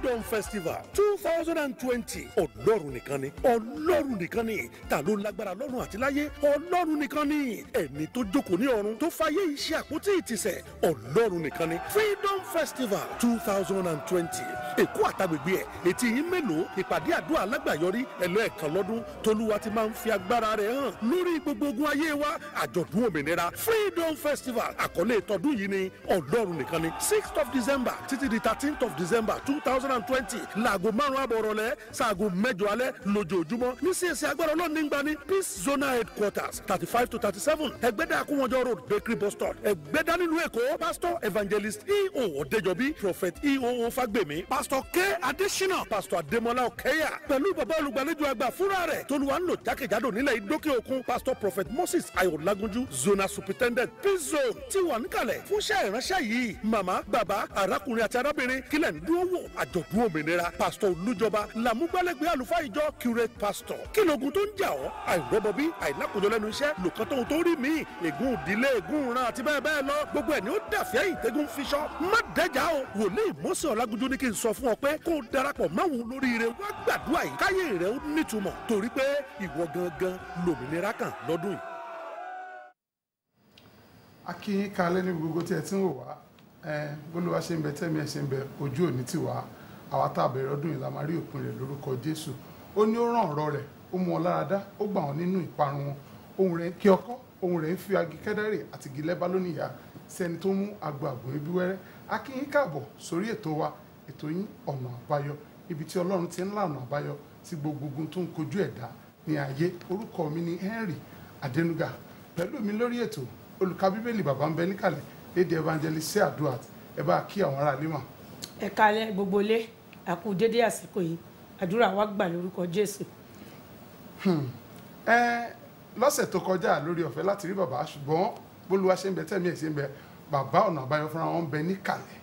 freedom festival two thousand and twenty ọlọ́run nìkan ni ọlọ́run nìkan ni ta ló lágbára lọ́run àti láyé ọlọ́run nìkan ni ẹni tó jókòó ní ọ̀run tó fayé iṣẹ́ àpótí ìtìsẹ̀ ọlọ́run nìkan ni freedom festival two thousand and twenty èkó àtàgbègbè ẹ̀ ètí yín mélòó ìpàdé àdúrà alágbàyọrí ẹlẹ́ẹ̀kan lọ́dún tolúwa ti máa ń fi agbára rẹ̀ hàn lórí gbogbo ogun ayé wa àjọ̀dún òmìnira freedom festival àkọlé ìtọ́dún yìí ni ọlọ́run nìkan ni sixth of december títí di thirteenth of december two thousand thousand and twenty laago márùn-ún àbọ̀ rọ̀lẹ́ sáago mẹ́jọ alẹ́ lójoojúmọ́ ní csc e agbára ọlọ́run ní gbani peace zonal headquarters thirty five to thirty seven ẹgbẹ́dà akúnwọ́jọ road bakery bus stop ẹgbẹ́dà nílùú èkó pastor evangelist eo ọ̀dẹ́jọ́bí prophet eo fagbemi pastor k adesina pastor ademola okeya pẹ̀lú bàbá olùgbàlejò àgbà fúnra rẹ̀ tolúwa ń lò jákèjádò nílẹ̀ ìdókè òkun pastor prophet moses ayọ̀lágúnjú zonal superintendent peace zone ti wà níkàlẹ̀ fúnṣẹ́ ìránṣẹ́ yìí màmá bàbá arákùnrin àti arábìnrin kílẹ̀ ń dúró wò àjọ àjọ̀dún òmìnira pastor. olújọba làmúgbálẹ́gbẹ̀ẹ́ àlùfáà ìjọ curate pastor kí lóògùn tó ń jà ọ́ àìrọ́bọbí àìlákòjọ lẹ́nu iṣẹ́ lòkàn tóun tó rí mi ègún òdìlé ègún ran àti bẹ́ẹ̀ bẹ́ẹ̀ lọ gbogbo ẹ̀ ni ó dàfẹ́ ìtẹ́gùn fiṣọ́ má dẹ́jà o wòlíì mọ́sẹ̀ ọ̀làgúnjú ni kí n sọ fún ọ pé kó o darapọ̀ máwùn lóríire wá gbàdúrà yìí káyé rẹ̀ ó nítumọ̀ torí pé ìwọ gangan lòmìnira kàn lọ́dún yìí. akínyìn kalẹ́ ní gbogbo tí ẹ ti ń wò wá bólúwa ṣe ń bẹ tẹ́mi ẹ̀ ṣe ń bẹ ojú òní ti wà á àwa tá a bẹ̀rẹ̀ ọdún yìí la máa rí òpin rẹ̀ lórúkọ Jésù ó ní ó ràn ọ̀rọ̀ rẹ̀ ó mú wọn lára dá ó gbà wọn nínú ìparun wọn ohun rẹ̀ kí ọkọ́ ohun rẹ̀ ń fi agi kẹ́dẹ́rẹ́ àti igi lẹ́bá lónìyà sẹ́ni tó mú agbo àgbò ebi wẹ́rẹ́ a káàbọ̀ sórí ètò wa ètò yín ọ̀nà àbáyọ ibi tí Ọlọ́run ti ń la àbáyọ sí gbogbo tó ń kojú ẹ̀dá ní ayé orúkọ mi ni Henry Adenuga pẹ̀lú mi lórí ètò olùka bíbélì bàbá ń bẹ níkàlẹ̀ lédi evangelist sí àdúrà ẹ bá kí àwọn ará ilé mọ̀. ẹ̀ka alẹ́ gbogbo lé àkú dédé àsìkò yìí àdúrà wa gbà lórúkọ Jésù. Hmm. ẹ lọ́sẹ̀ tó kọjá lórí ọ̀fẹ́ láti rí bàbá ṣùgbọ́n bólúwa ṣe ń bẹ tẹ̀mí ẹ̀ ṣe ń bẹ bàbá ọ̀nà àbáyọ fúnra wọn ń bẹ níkàlẹ̀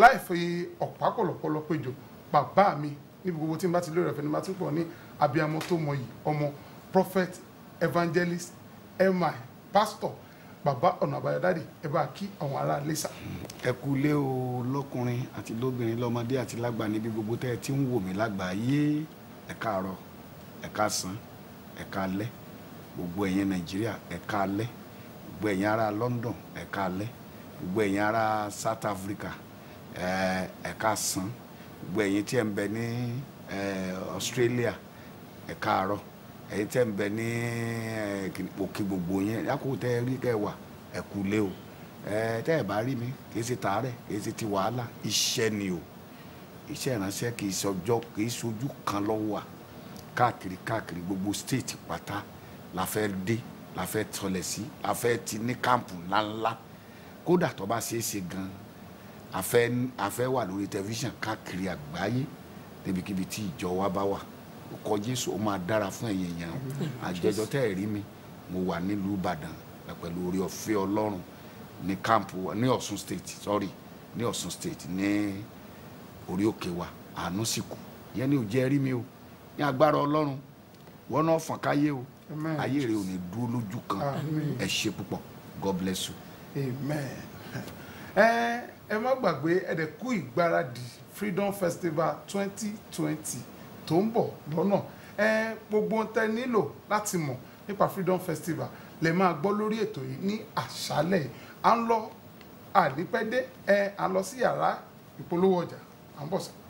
láì fi ọ̀pá pọ̀lọpọ̀lọ péjọ bàbá mi níbi gbogbo tí n bá ti lórí ọ̀fẹ́ ni bá tún pọ̀ ní abiyamọ tó mọyì ọmọ prophet evangelist emir pastor bàbá ọ̀nà àbáyọ ẹ bá kí àwọn ará lẹ́sà. ẹ kú lé o lọkùnrin àti lóbìnrin lọmọdé àti lágbà níbi gbogbo tẹ́ ẹ ti ń wò mí lágbàáyé ẹ káàárọ̀ ẹ káàsán ẹ káalẹ́ gbogbo ẹ̀yin nàìjíríà ẹ káalẹ́ gbogbo ẹ̀yin ará london ẹ káalẹ́ gbogbo ẹ̀yin ará south africa ẹ káàsán gbogbo ẹ̀yin tí ẹ ń bẹ ní australia ẹ káàárọ̀ ẹ̀yin tẹ́ ń bẹ ní eh, òkè gbogbo yẹn lákòókò tẹ́ rí kẹ́ wà o tẹ́ ẹ̀ bá rí mi kì í ṣe tàárẹ̀ kì í ṣe ti wàhálà iṣẹ́ ni o iṣẹ́ ìránṣẹ́ kì í ṣọjọ́ kì í ṣojú kan lọ́wọ́ wa káàkiri káàkiri gbogbo state pátá la fẹ́ dé la fẹ́ tọlẹ̀ sí la fẹ́ ti ní káàmpù ńláńlá kódà tó bá ṣeé ṣe gan a fẹ́ wà lórí tẹlifíṣàn káàkiri àgbáyé débikíbi tí ìjọ wa bá wà kọ jésù ó máa dára fún ẹ̀yin èèyàn àjọjọ tẹ́ ẹ̀ rí mi mo wà nílùú ìbàdàn pẹ̀lú orí ọ̀fẹ́ ọlọ́run ní kámpu ní ọ̀ṣun state sorry ní ọ̀ṣun state ní orí òkè wa àánú sì kù yẹn ni ò jẹ́ rí mi o ní agbára ọlọ́run wọn náà fọ̀n káyé o ayé rẹ ò ní dúró lójú kan ẹ ṣe púpọ̀ god bless you. amen ẹ ẹ má gbàgbé ẹ dẹ̀ kú ìgbáradì freedom festival twenty twenty tó ń bọ̀ lọ́nà ẹ gbogbo ohun tẹ́ nílò láti mọ̀ nípa freedom festival lè máa gbọ́ lórí ètò yìí ní àṣálẹ̀ à ń lọ ànípẹ́dé ẹ à ń lọ sí yàrá ìpolówó ọjà à ń bọ̀ sọ́kọ́.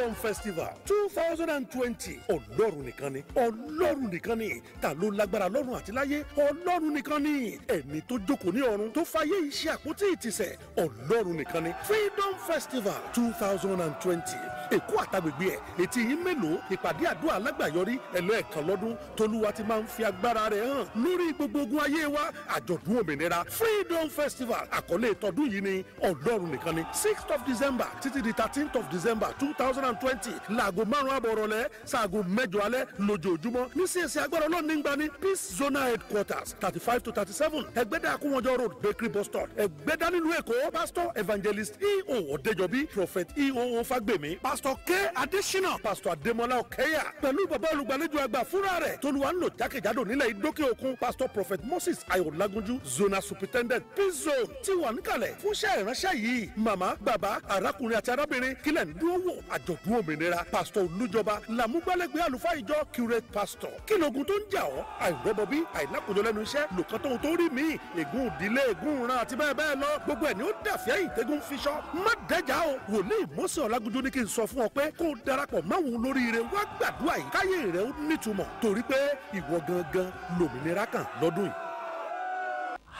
freedom festival two thousand and twenty ọlọ́run nìkan ni ọlọ́run nìkan ni ta ló lágbára lọ́run àti láyé ọlọ́run nìkan ni ẹni tó jókòó ní ọ̀run tó fàyè iṣẹ́ àpótí ìtìsẹ̀ ọlọ́run nìkan ni freedom festival two thousand and twenty èkó àtàgbègbè ẹ̀ ètí yín mélòó ìpàdé àdúrà alágbàyọrí ẹlẹ́ẹ̀kan lọ́dún tolúwa ti máa ń fi agbára rẹ̀ hàn lórí gbogbo ogun ayé wa àjọ̀dún òmìnira freedom festival àkọlé tọdún yìí ni ọ̀dọ́run nìkan ni sixth of december títí di thirteenth of december two thousand and twenty laago márùn-ún saago mẹ́jọ alẹ́ lójoojúmọ́ ní csc agbára ọlọ́run nígbà peace zona headquarters thirty five to thirty seven ẹgbẹ́dá akúnwọ́jọ road bakery bus stop ẹgbẹ́dá nílùú èkó pastor evangelist eo ọ̀dẹ́jọ́bí prophet eo fagbemi pastor pastor k adesina pastor ademola okeya pẹ̀lú bàbá olùgbàlejò àgbà fúnra rẹ̀ tolúwa ń lò jákèjádò nílẹ̀ ìdókè òkun pastor prophet moses Ayolagunju. zona superintendent p-zone ti wà níkàlẹ̀ fúnṣẹ́ ìránṣẹ́ yìí màmá bàbá arákùnrin àti arábìnrin kílẹ̀ ń dúró wò àjọ̀dún òmìnira pastor olújọba làmúgbálẹ́gbẹ̀ẹ́ àlùfáà ìjọ curate pastor kílógun tó ń jà ọ́ àìrọ́bọbí àìlákòjọ lẹ́nu iṣẹ́ lòkàn tóun tó rí míì ègún òdílé ègún ìran àti bẹ́ẹ̀ bẹ́ẹ̀ lọ gbogbo ẹ̀ ni ó dàfẹ́ ìtẹ́gùn fiṣọ́ má dẹ́jà o wòlíì mọ́sẹ̀ ọ̀làgúnjú ní kí n sọ fún ọ pé kó o darapọ̀ máwùn lóríire wá gbàdúrà yìí káyé rẹ ó nítumọ̀ torí pé ìwọ gangan lòmìnira kàn lọ́dún yìí.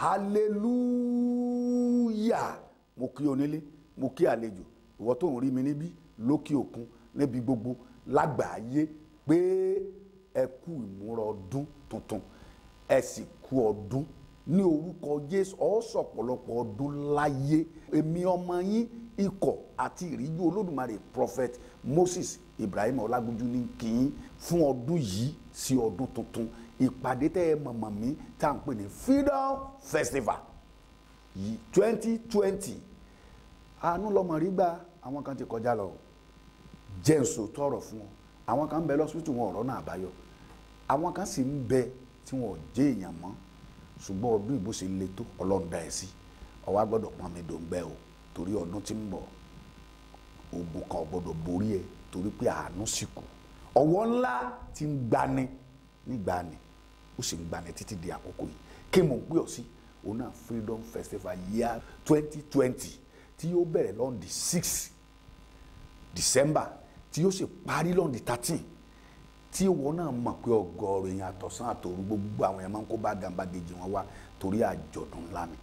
hallelujah mo kí onílé mo kí àlejò ìwọ tó ń rí mi níbí lókè òkun níbi gbogbo lágbàáyé pé ẹ kú ìmúra ọdún tuntun ẹ sì kú ọdún ní orúkọ Jésù ó sọ̀pọ̀lọpọ̀ ọdún láyé èmi ọmọ yín ikọ̀ àti ìríjú olódùmarè prophet Moses Ibrahim Ọlágúnjú ní kí n fún ọdún yìí sí ọdún tuntun ìpàdé tẹ́ ẹ mọ̀mọ́ mi tá à ń pè ní freedom festival twenty twenty àánú lọmọ rí gbà àwọn kan ti kọjá lọ jẹ́ ń sọ tọrọ fún wọn àwọn kan ń bẹ lọ́sítù wọn ọ̀rọ̀ náà àbáyọ àwọn kan sì ń bẹ tí wọn ò jẹ́ èèyàn mọ́ ṣùgbọ́n ọdún ìbò ṣe le tó ọlọ́run dá ẹ sí ọwá gbọ́dọ̀ pọn mi dòǹgbẹ́ o torí ọdún tí ń bọ̀ ògùn kan gbọ́dọ̀ borí ẹ torí pé àánú sì kù ọwọ́ ńlá ti ń gbani nígbani ó sì ń gbani títí di àkókò yìí kí mo gbé ọ sí òun náà freedom festival year twenty twenty tí yóò bẹ̀rẹ̀ lọ́n di six december tí yóò sì parí lọ́n di thirteen tí wọn náà mọ̀ pé ọgọ́rùn èèyàn àtọ̀sán àtòru gbogbo àwọn ya máa ń kó bá gàmbá dèjì wọn wá torí àjọ̀dún ńlá ni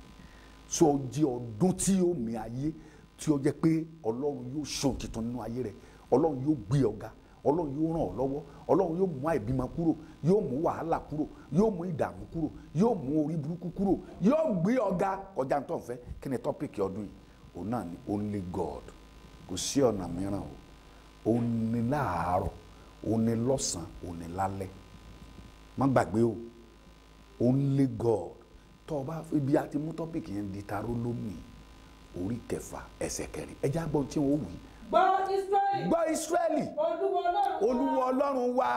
so ji ọdún tí yóò mi ayé tí ó jẹ pé ọlọrun yóò so tuntun nínú ayé rẹ. ọlọrun yóò gbé ọga. ọlọrun yóò ràn ọ lọwọ. yóò mú àìbímọ kúrò yóò mú wàhálà kúrò yóò mú ìdààmú kúrò yóò mú orí burúkú kúrò yóò gbé ọjà tó ń kí ni ni only God kò sí ọ̀nà mìíràn o ni láàárọ̀ òní lọ́sàn òní lálẹ́ má gbàgbé o only God tó o bá ibi àti mú tọ́pìkì yẹn di taró lónìí orí kẹfà ẹsẹ̀ kẹrin ẹjẹ́ àgbọn tí wọ́n wí. gbọ́ Ísírẹ́lì gbọ́ Ísírẹ́lì olúwa ọlọ́run wa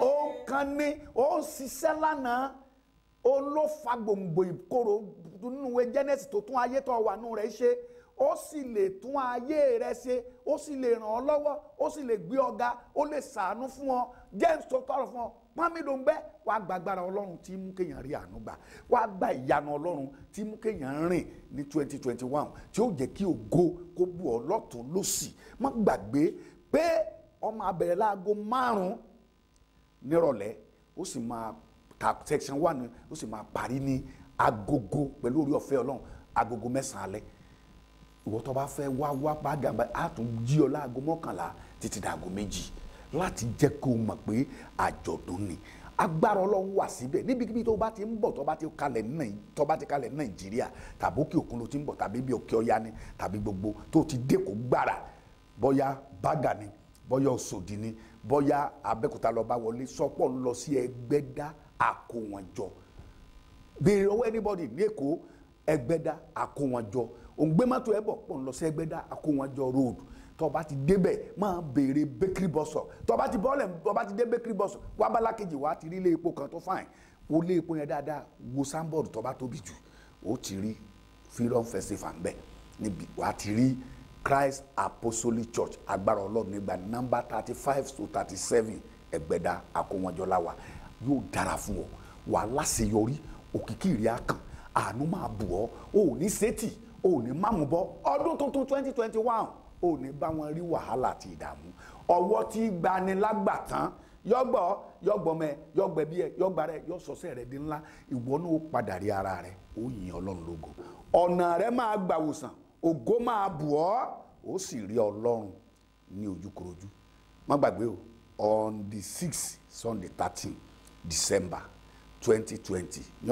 ó kan ní ó ń ṣiṣẹ́ lánàá ó ló fa gbòǹgbò ìkorò nínú Genesis tó tún ayé tó wà nù rẹ̀ ṣe ó sì lè tún ayé rẹ ṣe ó sì lè ràn ọ́ lọ́wọ́ ó sì lè gbé ọ̀gá ó lè ṣàánú fún ọ james tó tọrọ fún ọ pọ́nmídóńgbẹ́ wàá gbàgbára ọlọ́run tí mú kéèyàn rí àánú gbà wàá gba ìyanu ọlọ́run tí mú kéèyàn rìn ní twenty twenty one tí ó jẹ́ kí ògo kó bù ọ́ lọ́tún lọ́sì má gbàgbé pé ọmọ abẹ̀rẹ̀ láago márùn-ún ó sì máa ta section one ó sì máa parí ní agogo pẹ̀lú orí ọ̀fẹ́ ọlọ́run agogo mẹ́sàn-án ìwọ tó bá fẹ́ wá wá padà á tún jí ọ láago mọ́kànlá títí dàgọ́ méjì láti jẹ́ kó o mọ̀ pé àjọ̀dún ni agbára ọlọ́run wà síbẹ̀ níbikíbi tó bá ti ń bọ̀ tó bá ti kalẹ̀ ní tó bá ti kalẹ̀ ní nàìjíríà tàbí òkè òkun ló ti ń bọ̀ tàbí bí òkè ọya ni tàbí gbogbo tó ti dé kó gbára bóyá bága ni bóyá Ọ̀ṣọ́dì ni bóyá abẹ́kúta lọ bá wọlé sọpọ̀ ń lọ sí ẹgbẹ́dá àkówọ́njọ béèrè ọwọ́ anybody ní èkó ẹgbẹ́dá àkówọ́njọ òun gbé mọ́tò ẹ̀ bọ̀ pọ̀ ń lọ sí Ẹgbẹ́dá Akówọ́njọ road tó bá ti débẹ̀ máa béèrè bakery bus up tó bá ti bọ́ọ̀lẹ̀ tó bá ti dé bakery bus up wá bá lákejì wá ti rí ilé epo kan tó fàìn wo ilé epo yẹn dáadáa wo sanbọọdù tó tóbi jù ó ti rí freedom festival ń bẹ níbi wá ti rí Christ Apostolic Church agbára Ọlọ́run nígbà nọ́mbà thirty five to thirty seven Ẹgbẹ́dá Akówọ́njọlá wa yóò dára fún ọ wàá láṣeyọrí òkìkí ìrìn àkàn àánú máa bù ọ ò ní sétì o ní máàmù bọ́ ọdún tuntun twenty twenty one ò ní bá wọn rí wàhálà àti ìdààmú ọwọ́ tí gbanilágbàtán yọgbọ́ yọgbọ́mẹ ẹ yọgbàrẹ yọsọsẹ rẹ di ńlá ìwọ ara rẹ o yin ọlọ́run lógo ọ̀nà rẹ máa gbàwòsàn ògo máa bù ọ́ sì rí ọlọ́run ní ojúkorojú má o on the six sunday thirteen december twenty twenty ní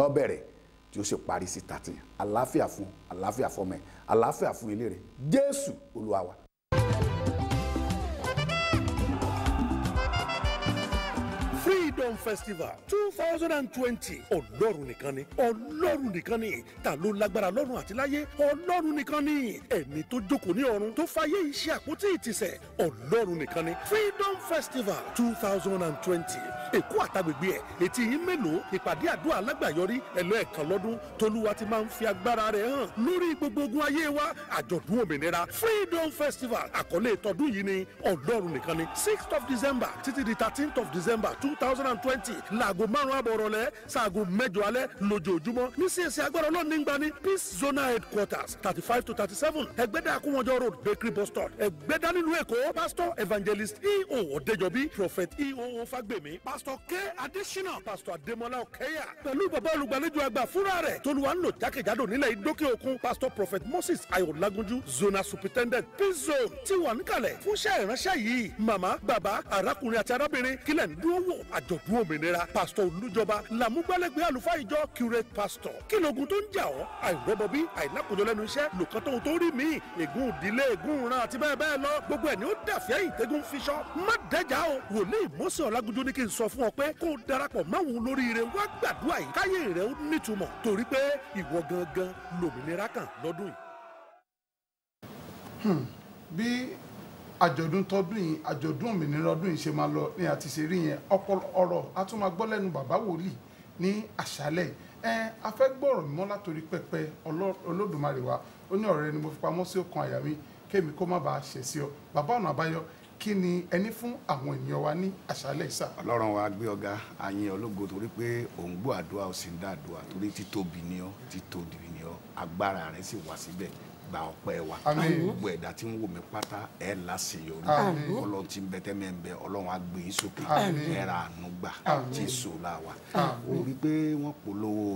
tí ó sì parí sí thirteen àlàáfíà fún àlàáfíà fọmọ ẹ àlàáfíà fún ilé rẹ Jésù Olúwa wa Town Festival two thousand and twenty ọlọ́run nìkan ni ọlọ́run nìkan ni ta ló lágbára lọ́run àti láyé ọlọ́run nìkan ni ẹni tó jókòó ní ọ̀run tó fàyè iṣẹ́ àpótí ìtìsẹ̀ ọlọ́run nìkan ni Freedom Festival two thousand and twenty èkó àtàgbègbè ẹ̀ ètí yín mélòó ìpàdé àdúrà alágbàyọrí ẹlẹ́ẹ̀kan lọ́dún tolúwa ti máa ń fi agbára rẹ̀ hàn lórí gbogbo ogun ayé wa àjọ̀dún òmìnira Freedom Festival àkọlé ìtọ́dún yìí ni ọlọ́run nìkan ni sixth of December títí di thirteenth of December two thousand and twenty láago márùn àbọ̀ rọ̀lẹ́ sáago mẹ́jọ alẹ́ lójoojúmọ́ ní csc e agbára ọlọ́run ní gbani peace zona headquarters thirty five to thirty seven ẹgbẹ́dá akúnwọ́jọ road bakery bus stop ẹgbẹ́dá nílùú èkó pastor evangelist eo ọ̀dẹ́jọ́bí prophet eo fagbemi pastor k adesina pastor ademola okeya pẹ̀lú bàbá olùgbàlejò àgbà fúnra rẹ̀ tolúwa ń lò jákèjádò nílẹ̀ ìdókè òkun pastor prophet moses ayọ̀lágúnjú zona superintendent peace zone ti wà níkàlẹ̀ fúnṣẹ́ ìránṣẹ́ yìí màmá bàbá arákùnrin àti arábìnrin kílẹ̀ ń dúró wò àjọ̀dún fún òmìnira pásítọ̀ olùjọba làmúgbálẹ́gbẹ̀ẹ́ àlùfáà ìjọ curate pastor kí tó ń jà ọ́ àìrọ́bọbí àìlákòjọ lẹ́nu iṣẹ́ lòkan tó rí mi ègún ìdílé ègún ìran àti bẹ́ẹ̀ bẹ́ẹ̀ lọ gbogbo ẹ̀ ni ó dàfẹ́ ìtẹ́gùn fiṣọ́ má dẹ́jà o wòlíì mọ́sẹ̀ ọ̀làgúnjú ni kí n sọ fún ọ pé kó o darapọ̀ máwùn lóríire wá gbàdúrà yìí káyé rẹ̀ nítumọ̀ torí pé ìwọ gangan lòmìnira kàn lọ́dún yìí. Hmm. bí àjọ̀dún tọdún yìí àjọ̀dún òmìnira ọdún yìí ṣe máa lọ ní àti ṣe rí yẹn ọpọlọ ọ̀rọ̀ a tún máa gbọ́ lẹ́nu bàbá wòlíì ní àṣálẹ̀ ẹ a fẹ́ gbọ́rọ̀ mímọ́ látòrí pẹpẹ olódùmarè ó ní ọ̀rẹ́ ni mo fi pamọ́ sí ọkàn àyà mi kémi kó má bàa ṣẹ̀ sí ọ bàbá ọ̀nà àbáyọ kí ni ẹni fún àwọn ènìyàn wa ní àṣálẹ̀ ìsà. ọlọ́run wa gbé ọ̀gá àyìn ológo torí pé òun gbọ́ àdúrà ó sì ń dá àdúrà torí títóbi ni ọ́ títóbi ni ọ́ agbára rẹ̀ sì wà síbẹ̀ gba ọpẹ́ wa gbogbo ẹ̀dá tí ń wò mí pátá ẹ láṣeyọrí Ọlọ́run tí ń bẹ tẹmẹ ń bẹ Ọlọ́run á gbé yín sókè ẹ ra àánú gbà tí èso la wa ó rí i pé wọ́n polówó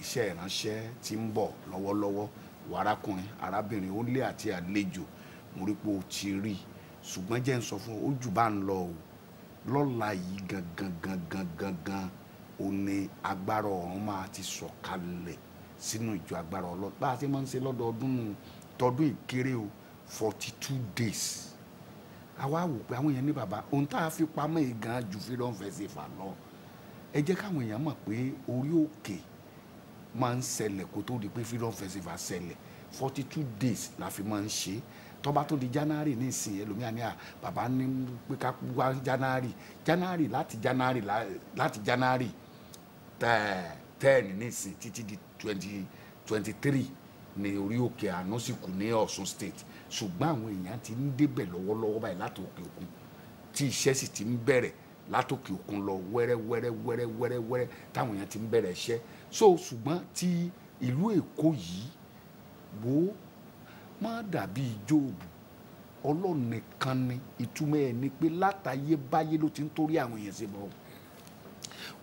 iṣẹ́ ìránṣẹ́ tí ń bọ̀ lọ́wọ́lọ́wọ́ wàrákùnrin arábìnrin ó lé àti àlejò mo rí i pé o ti rí i ṣùgbọ́n jẹ́ ń sọ fún ọ ó jù bá ń lọ o lọ́la yìí gangan gangan gangan o ní agbára ọ̀run máa ti sọ̀kalẹ̀. So sínú ìjọ agbára ọlọ́run bá a ṣe máa ń ṣe lọ́dọọdún tọdún ìkéré o forty two days àwa wò pé àwọn èèyàn ní bàbá ohun tá a fi pamọ́ ìgan ju freedom festival lọ ẹ jẹ́ káwọn èèyàn mọ̀ pé orí òkè máa ń ṣẹlẹ̀ kó tó di pé freedom festival ṣẹlẹ̀ forty two days la fi máa ń ṣe é tó di january ní ìsìn ẹlòmíà ní à bàbá ní pé ká wá january january láti january láti january ten ní ìsìn títí di 2023 twenty three ní orí òkè àánú sì kù ní Ọ̀ṣun state ṣùgbọ́n àwọn èèyàn ti ń débẹ̀ lọ́wọ́lọ́wọ́ báyìí láti òkè òkun tí iṣẹ́ sì ti ń bẹ̀rẹ̀ látòkè òkun lọ wẹ́rẹ́ wẹ́rẹ́ wẹ́rẹ́ wẹ́rẹ́ wẹ́rẹ́ táwọn èèyàn ti ń bẹ̀rẹ̀ iṣẹ́ so ṣùgbọ́n ti ìlú Èkó yìí wo má dàbí Jóòbù Ọlọ́run nìkan ni ìtumọ̀ ẹ̀ ni pé látayébáyé ló ti ń torí àwọn èèyàn ṣe bọ̀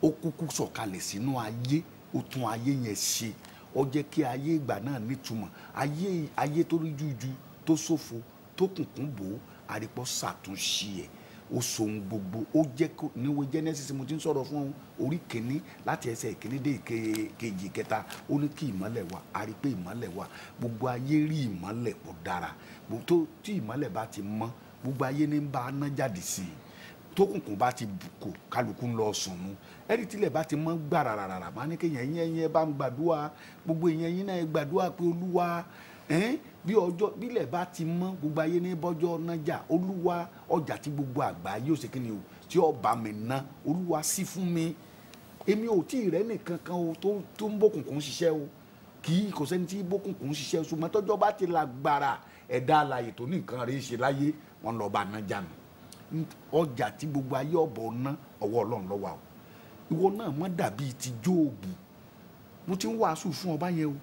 ó kúkú sọ̀kalẹ̀ sínú ayé. So, ó tún ayé yẹn ṣe ó jẹ́ kí ayé ìgbà náà nítumọ̀ ayé ayé tó rí jújú tó ṣòfò tó kùnkùn bò ó àrípọ̀ ṣàtúnṣe ẹ̀ ó sohun gbogbo ó jẹ́ níwé Genesis mo ti ń sọ̀rọ̀ fún orí kìíní láti ẹsẹ̀ ìkíní dé ìkejì ìkẹta ó ní kí ìmọ́lẹ̀ wà á rí wà gbogbo ayé rí ìmọ́lẹ̀ kò dára tó tí ìmọ́lẹ̀ bá ti mọ́ gbogbo ayé ní bá ná jáde sí i tókùnkùn bá ti kò kálukú ń lọ sùn mu ẹni tílẹ̀ bá ti mọ́ gbàrà rárá má ní kéèyàn yín ẹ̀yìn bá ń gbàdúrà gbogbo èèyàn yín náà gbàdúrà pé olúwa bí ọjọ́ bílẹ̀ bá ti mọ́ gbogbo ayé ní bọ́jọ́ nájà olúwa ọjà tí gbogbo àgbà yóò ṣe kí ni o tí ọba mi ná olúwa sí fún mi èmi ò tí ì rẹ́ nìkan kan o tó ń bókùnkùn ṣiṣẹ́ o kì í kò sẹ́ni tí bókùnkùn ṣiṣẹ́ o ṣùgbọ́n tọ́jọ́ bá ti la gbàrà ẹ̀dá alàyè tó ní nǹkan rẹ̀ ṣe láyé wọn lọ́ọ́ bá nájà nù ọjà tí gbogbo ayé ọ̀bọ̀ ná ọwọ́ ọlọ́run lọ́wọ́ o ìwọ náà mọ́ dàbí ti jóòbù mo ti ń wàásù fún ọba yẹn o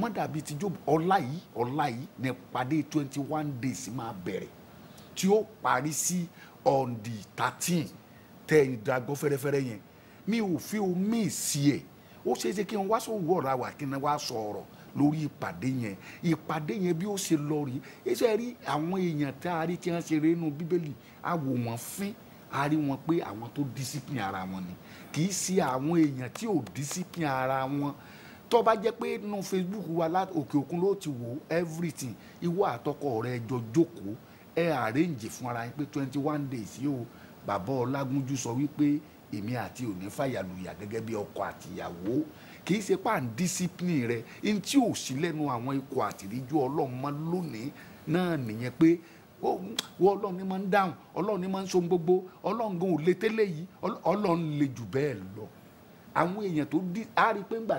mọ́ dàbí ti jóòbù ọ̀la yìí ọ̀la yìí ní ìpàdé twenty one days máa bẹ̀rẹ̀ tí ó parí sí on the thirteen tẹ ìdágbọ́ fẹ́rẹ́fẹ́rẹ́ yẹn mi ò fi omi sí ẹ̀ ó ṣeé kí n wá sọ òwúrọ̀ ra wà kí n wá sọ ọ̀rọ̀ lórí ìpàdé yẹn ìpàdé yẹn bí ó ṣe lọ rí iṣẹ́ rí àwọn èèyàn tá a rí tí wọ́n ṣe rí inú bíbélì a wò fín a rí wọn pé àwọn tó discipline ara wọn ni kì í ṣe àwọn èèyàn tí ò discipline ara wọn tó bá jẹ́ pé nínú Facebook wa òkè òkun ló ti wò everything ìwọ àtọkọ rẹ jọ jókòó ẹ arrange fún ara yín pé twenty one days yìí o bàbá Ọlágúnjú sọ wípé èmi àti òní fàyàlùyà gẹ́gẹ́ bí ọkọ àtìyàwó kì í ṣe pa n discipline rẹ n tí ò sí lẹ́nu àwọn ikọ̀ àtìríjú ọlọ́mọ lónìí náà nìyẹn pé wọ ọlọ́run ni máa ń dáhùn ọlọ́run ni máa ń sọm gbogbo ọlọ́run gan ò lè tẹ́lẹ̀ yìí ọlọ́run lè jù bẹ́ẹ̀ lọ àwọn èèyàn tó dí a rí i pé ńgbà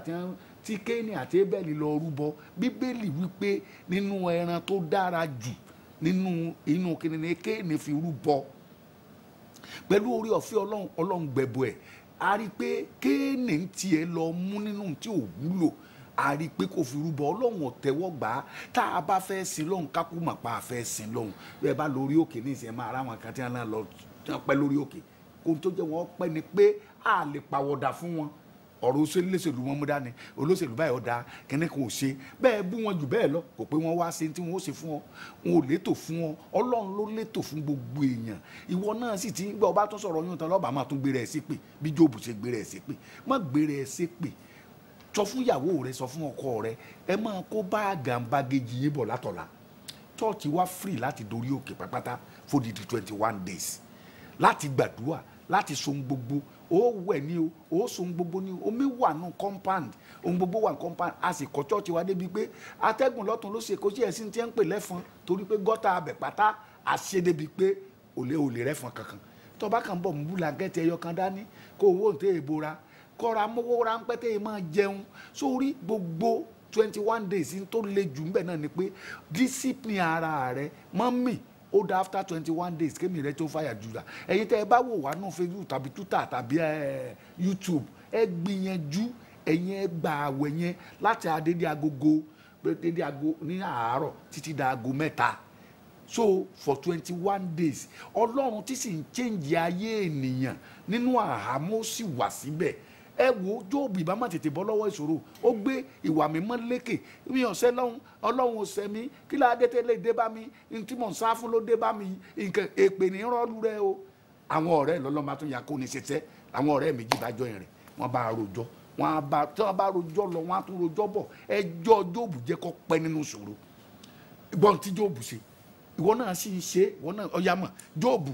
tí kéènì àti ébẹ́ẹ̀lì lọ rúbọ bíbélì wípé nínú ẹran tó dára jù nínú inú kìnìún kéènì fi rúbọ pẹ̀lú orí ọ̀fẹ́ ọlọ́run ọlọ́run gbẹ̀bọ̀ ẹ̀ a rí i pé kéènì ń tiẹ̀ lọ mú nínú tí ò wúlò a rí i pé kò fi rúbọ ọlọ́run ọ̀tẹ́wọ́ gbà á tá a bá fẹ́ sin lọ́hùn kákú mà pa àfẹ́ sin lọ́hùn bẹ́ẹ̀ bá lórí òkè ní ìsìn ẹ̀ máa ráwọn kan tí wọ́n lọ pẹ́ lórí òkè kó tó jẹ́ wọn pẹ́ ni pé a lè pàwọ̀dà fún wọn ọ̀rọ̀ òṣèlú lẹ́sẹ̀lú wọn mú dání olóṣèlú báyìí ó da kíní kan ò ṣe bẹ́ẹ̀ bú wọn jù bẹ́ẹ̀ lọ kò pé wọ́n wá ṣe tí wọ́n ó ṣe fún ọ wọn ò létò fún ọ ọlọ́run ló létò fún gbogbo èèyàn ìwọ náà sì ti ń gbọ́ ọba tó sọ̀rọ̀ yóò tán lọ́ba máa tún gbére ẹ̀ sí pè bí jóòbù ṣe gbére ẹ̀ sí pè má gbére ẹ̀ sí pè sọ fún ìyàwó rẹ sọ fún ọkọ rẹ ẹ máa kó báàgà ń bagéjì yín bọ̀ látọ̀la chọ́ọ̀chì wá free láti dorí òkè pátápátá fódìdí twenty one days láti gbàdúrà láti so ohun gbogbo ó wẹ̀ ní o ó so ohun gbogbo ní o omi wà nù compound ohun gbogbo wà compound a sì kọ́ chọ́ọ̀chì wa débi pé atẹ́gùn lọ́tún ló ṣe kó sí ẹ̀sìn tí ẹ̀ ń pè lẹ́fọn torí pé gọ́tà abẹ̀ pátá a ṣe débi pé òlé òlé rẹ́fọn kankan tọba kan bọ̀ mú bùlànkẹ́tì ẹyọ kan dání kó owó ń tẹ́ ìbora kọ́ra mówó ráńpẹ́ tẹ́ ẹ máa jẹun sórí gbogbo twenty one days tó le jù ń bẹ̀ náà ni pé discipline ara rẹ mọ́ mì ó dá after twenty one days kémi rẹ tó fàyà jù la ẹ̀yin tẹ́ ẹ bá wò wá náà facebook tàbí twitter tàbí youtube ẹ gbìyànjú ẹ̀yin ẹ gbà àwẹ̀ yẹn láti adédé agogo dédé ago ní àárọ̀ títí da ago mẹ́ta so for twenty one days ọlọ́run tí sì ń change ayé ènìyàn nínú àhámọ́ sì wà síbẹ̀. Si ẹ wo jóòbù ìbá má tètè bọ́ lọ́wọ́ ìṣòro ó gbé ìwà mímọ́ lékè mi ò sẹ́ lọ́hùn ọlọ́run ò sẹ́ mi kí la dé tẹ́lẹ̀ dé bá mi tí mò ń sá fún ló dé bá mi nǹkan èpè ní rọ́ọ̀lù rẹ o àwọn ọ̀rẹ́ lọ́lọ́mọ tó yà kó ní ṣẹṣẹ́ àwọn ọ̀rẹ́ méjì bá jọ ìrìn wọ́n bá rojọ́ wọ́n bá tí wọ́n bá rojọ́ lọ wọ́n á tún rojọ́ bọ̀ ẹjọ́ jóòbù jẹ́ kó pẹ́ nínú ìṣòro gbọ́n tí jóòbù ṣe ìwọ náà sì ń ṣe ìwọ náà ọyàmọ jóòbù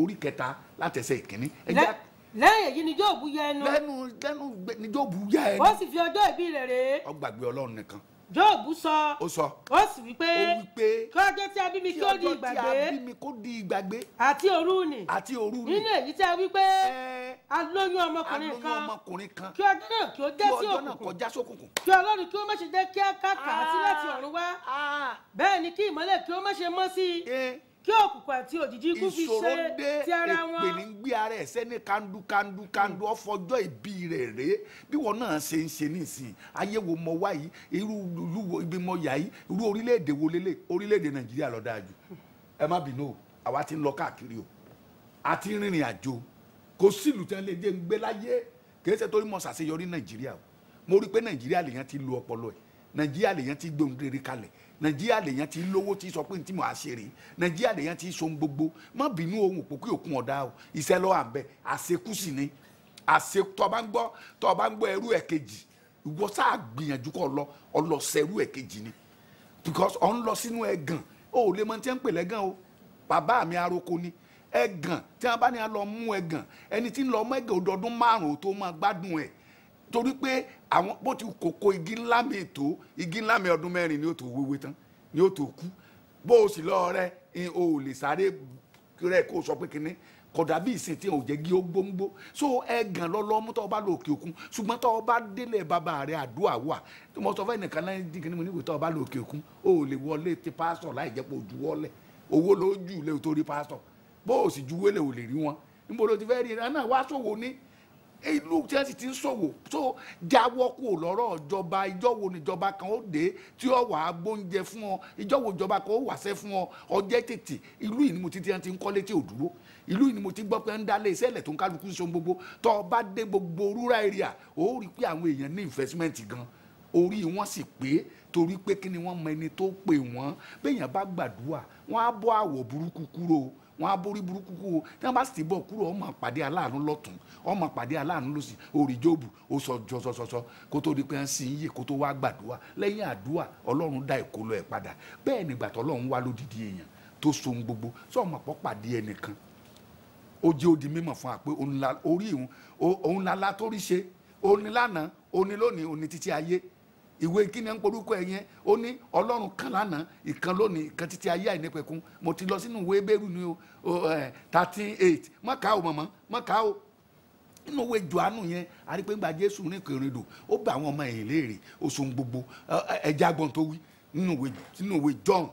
orí kẹta látẹsẹ̀ ìkíní ẹjẹ lẹ́yìn èyí ni jóòbù yẹ ẹnu. lẹ́nu lẹ́nu ni jóòbù yẹ ẹnu. ó sì fi ọjọ́ ìbí rẹ̀ rèé. ó gbàgbé ọlọ́run nìkan. jóòbù sọ. ó sọ. ó sì wí pé. ó wí pé. kí ọjọ́ tí a bí mi kí ó di ìgbàgbé. kí ọjọ́ tí a bí mi kó di ìgbàgbé. àti òru ni. àti òru ni. nínú èyí tí a wí pé. ẹ a lóyún ọmọkùnrin kan. a lóyún ọmọkùnrin kan. kí ọjọ́ náà kí ó jẹ́ sí òkùnkùn. kí ọjọ́ náà kó já sókùnkùn. kí ọlọ́run kí ó má ṣe jẹ́ kí á ká kà á sí láti ọ̀run wá. Ah, ah. bẹ́ẹ̀ ni kí ìmọ́lẹ̀ kí ó má ṣe mọ́ sí i kí òkùnkùn àti òjìji kú fi ṣe ti ara wọn. ìṣòro dé èpè ní gbé ara ẹ̀ sẹ́ni kandu kandu kandu hmm. ọ̀fọ̀jọ́ ìbí rẹ̀ rè é bí wọn náà ṣe ń ṣe nísìn ayé wo mo wá yìí irú ìlú wo ibi mo yà yìí irú orílẹ̀-èdè wo lélẹ̀ orílẹ̀-èdè nàìjíríà ló dáa jù ẹ má bínú o àwa ti ń lọ káàkiri o a ti ń rìnrìn àjò kò sílùú tí wọn lè dé ń gbé láyé kìí ṣe torí mo ṣàṣeyọrí nàìjíríà o mo rí i pé nàìjíríà lèèyàn nàìjíríà lèyàn ti lówó ti sọ pé ntí mo à ṣe rèé nàìjíríà lèyàn ti sọ gbogbo má bínú ohun òpópí òkun ọ̀dà o iṣẹ́ lọ́wọ́ à ń bẹ àṣekú sì ni àṣe tó bá ń gbọ́ tó bá ń gbọ́ ẹrú ẹ̀ kejì ìwọ sáà gbìyànjú kọ́ lọ ọlọ́sẹ̀ ẹrú ẹ̀ kejì ni because ọ̀ ń lọ sínú ẹ̀gàn o ò lè mọ tí wọ́n ń pè lẹ́gàn o bàbá mi aroko ni ẹ̀gàn tí wọ́n bá ní torí pé àwọn bó ti kókó igi ńlá mi tó igi ńlá mi ọdún mẹ́rin ni ó tó wéwé tán ni ó tó kú bó o sì lọ rẹ o ò lè sáré rẹ kó o sọ pé kinní kódà bí ìsìn tí ò jẹ́ kí ó gbóngbó so ẹ̀gàn lọ́lọ́ mú tọ́ ọ bá lọ òkè òkun ṣùgbọ́n tọ́ ọ bá délẹ̀ bàbá rẹ àdúrà wà mo sọ fẹ́ nìkan láyé dín kínní mo níwèé tọ́ ọ bá lọ òkè òkun o ò lè wọlé ti pásítọ̀ láì jẹ́ pé o ju wọlé owó ló jù lé o tó rí pásítọ̀ bó o sì juwé lè o lè rí wọn níbo ló ti fẹ́ rí ẹ náà wá ṣòwò ní ìlú tí wọ́n sì ti ń ṣòwò tó jáwọ́ kù lọ́rọ̀ ìjọba ìjọ́wò níjọba kan ó dé tí ó wàá gbóúnjẹ fún ọ ìjọ́wò ìjọba kan ó wàṣẹ́ fún ọ ọjẹ́ tètè ìlú yìí ni mo ti ti ti ń kọ́lé tí ò ìlú yìí ni mo ti gbọ́ pé ń dálé iṣẹ́ ilẹ̀ tó ń kálukú ṣe gbogbo tó o bá dé gbogbo rural area ó rí pé àwọn èèyàn ní investment gan orí wọn sì pé torí pé kí ni wọ́n mọ ẹni tó pè wọ́n béèyàn bá gbàdúrà wọ́n á bọ́ àwọ̀ burúkú kúrò o wọn á borí burúkú kú o tí wọn bá sì ti bọ̀ kúrò ọmọ pàdé aláàánú lọ́tún ọmọ pàdé aláàánú lọ́sì orí jóòbù ó sọ jọsọsọsọ kó tó di pé ń sin iye kó tó wá gbàdúrà lẹ́yìn àdúrà ọlọ́run dá ìkólọ ẹ̀ padà bẹ́ẹ̀ nígbà tó ọlọ́run wá lódìdí èèyàn tó so ohun gbogbo sọ ọmọ pọ̀ pàdé ẹnìkan ó jẹ́ ó di mímọ̀ fún wa pé òun la orí òun òun la la torí ṣe òun ni lánàá òun ni lónìí òun ni títí ayé ìwé kíni à ń porúkọ ẹ yẹn ó ní ọlọ́run kan lánàá ìkan lónìí ìkan títí ayé àìnípẹ̀kun mo ti lọ sínú ìwé bẹ́rù ni o thirteen eight mọ̀ká o mọ̀mọ́ mọ̀ká o nínú òwe johannu yẹn a rí pé nígbà jésù rìn kìrìndò ó bá àwọn ọmọ ẹ̀yìn léèrè oṣù gbogbo ẹja gbọ̀n tó wí nínú òwe john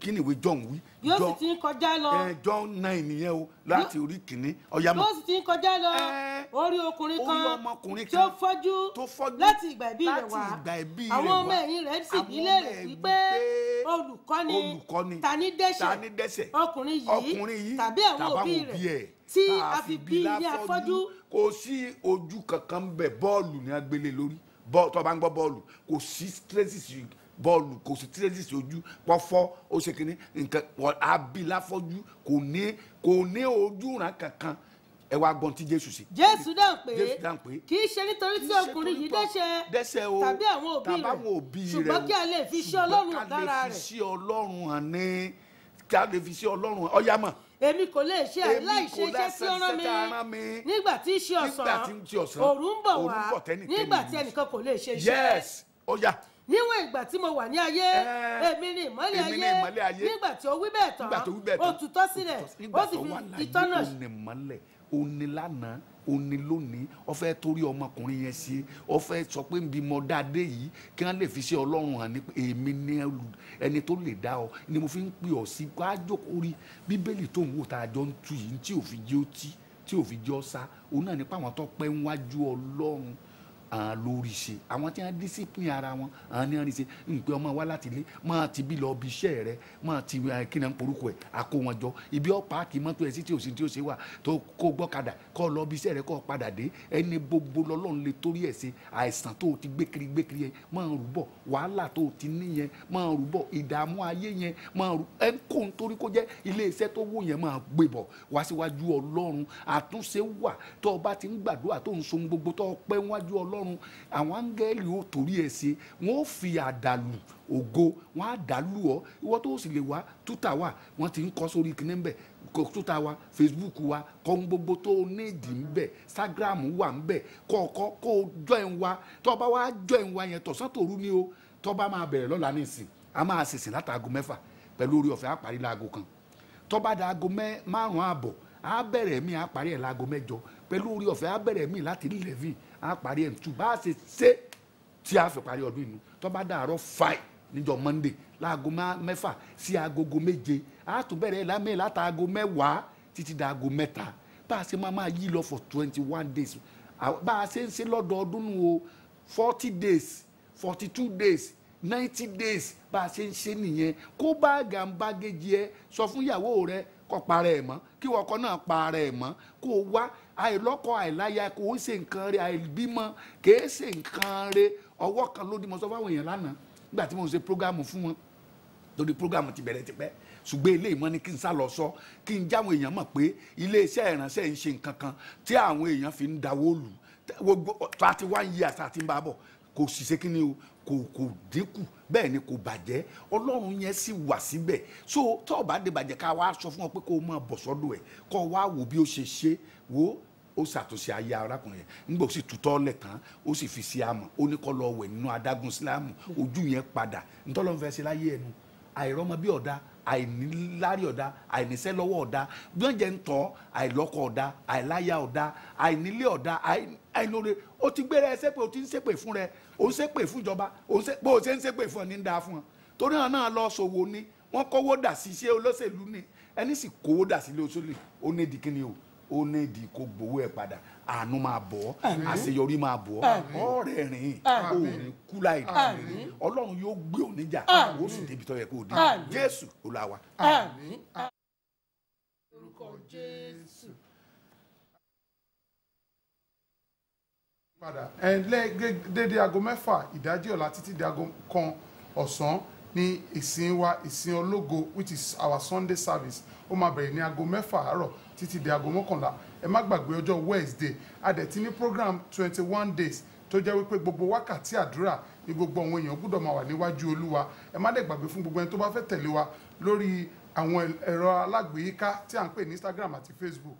kí ni ìwé John wí. yóò sì ti ń kọjá lọ. ẹ eh, John nine nìyẹn o láti orí kìíní ọ̀yà mọ̀. yóò sì ti ń kọjá lọ eh, orí ọkùnrin kan tó fọ́jú láti ìgbà ìbí rẹ̀ wá àwọn ọmọ ẹ̀yìn rẹ̀ sì bí léèrè wípé olùkọ́ni tani dẹ́ṣẹ̀ ọkùnrin yìí tàbí àwọn òbí rẹ̀ tí a fi bí ilé afọ́jú. kò sí ojú kankan bẹ̀ bọ́ọ̀lù ní agbélé lórí tó bá ń gbọ́ bọ́ọ̀lù kò sí tracy bọ́ọ̀lù kò sí tírẹ́sì sójú pọ́fọ́ ó ṣe kínní nǹkan abiláfọ́jú kò ní kò ní ojúràn kankan ẹ wá gbọ́n tí jésù sí. jésù dáhùn pé kì í ṣe nítorí tí ọkùnrin yìí dẹ́ṣẹ̀ o tàbí àwọn òbí rẹ̀ ṣùgbọ́n kí a lè fi ṣe ọlọ́run ọ̀dára rẹ̀. ṣùgbọ́n kí a lè fi ṣe ọlọ́run hàn ní kí a lè fi ṣe ọlọ́run ọ̀yá mọ̀ èmi kò lè ṣe aláìṣe iṣẹ́ tí ó mi nígbà tí ń ṣe ọ̀sán òru ń bọ̀ wá nígbà tí ẹnìkan kò lè ṣe iṣẹ́. yes Oh, yeah níwọ̀n ìgbà tí mo wà ní ayé eh, èmi ni ìmọ́lẹ̀ ayé nígbà tí ó wí bẹ́ẹ̀ tán ó tutọ́ sílẹ̀ ó sì fi ìtọ́nà onílànà òní lónìí ọfẹ torí ọmọkùnrin yẹn ṣe ọfẹ sọ pé nbí mọ dáadé yìí kí wọn lè fi ṣe Ọlọ́run hàn ní èmi ní ẹni tó lè dá ọ ni mo fi ń pè ọ sí kájókòrí bíbélì tó ń wò tá a jọ ń tu yìí tí ò fi jẹ́ ọtí tí ò fi jẹ́ ọsá òun náà nípa àwọn tó pẹ́ ń wájú Ọlọ́run àwọn lórí ṣe àwọn tí wọn discipline ara wọn àwọn ní wọn ní ṣe nǹkan ọmọ wa láti ilé máa ti bí lọ bí iṣẹ́ rẹ máa ti kí ni orúkọ ẹ àkó wọn jọ ibi ọ paaki mọ́tò ẹ sí tí òsì tí ó ṣe wà tó kó gbọ́kadà kó lọ bí iṣẹ́ rẹ kó padà dé ẹni gbogbo lọ́lọ́run lè torí ẹ̀ ṣe àìsàn tó o ti gbé kiri yẹn máa rú wàhálà tó o ti ní yẹn máa rú bọ̀ ìdààmú ayé yẹn máa rú ẹ kó n kó jẹ́ ilé tó o bá ti ọlọ́run àwọn áńgẹ́lì ó torí ẹ̀ ṣe wọ́n ó fi àdàlù ògo wọ́n á dàlù ọ́ ìwọ tó sì lè wá túta wà wọ́n ti ń kọ́ sórí kinní ń bẹ̀ túta wa Facebook wa kọ́ ń gbogbo tó nídìí ń Instagram wà ń bẹ̀ kọ́ọ̀kọ́ kó o join wa tó o bá wá join wa yẹn tọ̀sán tòru ni o tó o bá máa bẹ̀rẹ̀ lọ́la nísìn a máa ṣèṣìn látàgò mẹ́fà pẹ̀lú orí ọ̀fẹ́ àparí láago kan tó bá da aago márùn-ún ààbọ̀ á bẹ̀rẹ̀ mi á parí ẹ̀ láago mẹ́jọ pẹ̀lú orí ọ̀fẹ́ á bẹ̀rẹ̀ mi láti eleven á parí ẹ̀ two bá a ṣe ṣe tí a fi parí ọdún inú tó bá dàárọ̀ five níjọ́ monday láago mẹ́fà sí agogo méje á tún bẹ̀rẹ̀ lámẹ́ látàago mẹ́wàá títí dàago mẹ́ta bá a ṣe máa máa yí lọ for twenty one days bá a ṣe ń ṣe lọ́dọọdún nù o forty days forty two days ninety days bá a ṣe ń ṣe nìyẹn kó bá gàǹbá gèjì sọ fún ìyàwó rẹ kọ́ para ẹ̀ mọ́ kí ọkọ náà para ẹ̀ mọ́ kó o wá àìlọ́kọ àìláya kò ń ṣe nǹkan rẹ àìbímọ kìí ṣe nǹkan rẹ ọwọ́ kan ló dì mọ́ sọ fáwọn èèyàn lánàá nígbà tí mo ń ṣe prógámù fún wọn torí prógámù ti bẹ̀rẹ̀ tipẹ́ ṣùgbọ́n ilé ìmọ̀ ni kí n sá lọ sọ kí n jáwọn èèyàn mọ̀ pé iléeṣẹ́ ìránṣẹ́ ń ṣe nǹkan kan tí àwọn èèyàn fi ń dawó lù thirty years àti ń bá bọ̀ kò sì ṣe kí ni o kò kò dínkù bẹ́ẹ̀ ni kò bàjẹ́ ọlọ́run yẹn sì wà síbẹ̀ so tó o bá dé bàjẹ́ ká wá sọ fún ọ pé kó o máa bọ̀ sọ́dọ̀ ẹ̀ kó o wá wò bí o ṣe ṣe wò ó ṣàtúnṣe ayé arákùnrin yẹn nígbà ó sì tutọ́ lẹ̀ tán ó sì fi sí àmọ́ ó ní kó lọ wẹ̀ nínú adágún síláàmù ojú yẹn padà ntọ́lọ́run fẹ́ ṣe láyé ẹnu àìrọ́mọ bí ọ̀dà àìnílárí ọ̀dà àìníṣẹ́ lọ́wọ́ ọ̀dà bí ń tọ́ àìlọ́kọ ọ̀dà àìláyà ọ̀dà àìnílé ọ̀dà àìlóore ó ti gbéra ẹ sẹ́pẹ̀ ó ti ń sẹ́pẹ̀ fún rẹ ó ń ṣépè fún ìjọba bó o ṣe ń ṣépè fún ọ ní dáa fún ọ torí àwọn náà lọ ṣòwò ni wọ́n kówó dà sí se olóṣèlú ni ẹni si kówó dà sí ilé oṣooṣù ó ní ìdí kíni o ó ní ìdí kó gbowó ẹ̀ padà àánú máa bọ̀ ọ́ àṣeyọrí máa bọ̀ ọ́ ọ̀rẹ́ rìn ò ní kú láì dé ọlọ́run yóò gbé oníjà ó sì débi tó yẹ kó dé jésù olúwa. orúkọ jésù. padà ẹ̀ńlẹ́ dédé aago mẹ́fà ìdájí ọ̀la títí di aago kan ọ̀sán ní ìsìn wa ìsìn ológo which is our Sunday service ó máa bẹ̀rẹ̀ ní aago mẹ́fà àárọ̀ títí di aago mọ́kànlá ẹ má gbàgbé ọjọ́ Wednesday a ní program twenty one days tó jẹ́ wípé gbogbo wákàtí àdúrà ni gbogbo àwọn èèyàn gbọ́dọ̀ máa wà níwájú olúwa ẹ má dẹ̀ gbàgbé fún gbogbo ẹni tó bá fẹ́ tẹ̀lé wa lórí àwọn ẹ̀rọ alágbèéká tí à ń pè ní Instagram àti Facebook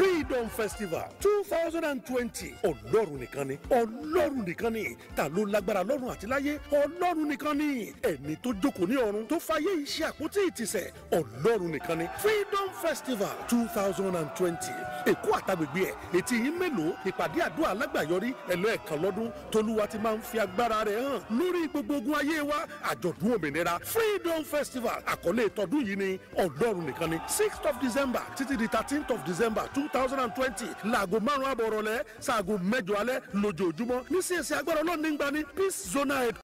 free. freedom festival two thousand and twenty ọlọ́run nìkan ni ọlọ́run nìkan ni ta ló lágbára lọ́run àti láyé ọlọ́run nìkan ni ẹni tó jókòó ní ọ̀run tó fàyè iṣẹ́ àpótí ìtìsẹ̀ ọlọ́run nìkan ni freedom festival two thousand and twenty èkó àtàgbègbè ẹ̀ etí yín mélòó ìpàdé àdúrà alágbàyọrí ẹlẹ́ẹ̀kan lọ́dún tolúwa ti máa ń fi agbára rẹ̀ hàn lórí gbogbo ogun ayé wa àjọ̀dún òmìnira freedom festival àkọlé ìtọ́dún yìí ni ọlọ́run nìkan ni sixth of december títí di thirteenth of december two thousand and twenty laago márùn-ún àbọ̀ ọ̀rọ̀ lẹ́ sáago mẹ́jọ alẹ́ lójoojúmọ́ nísinsìnyí agbára ọlọ́run ní gbani peace zone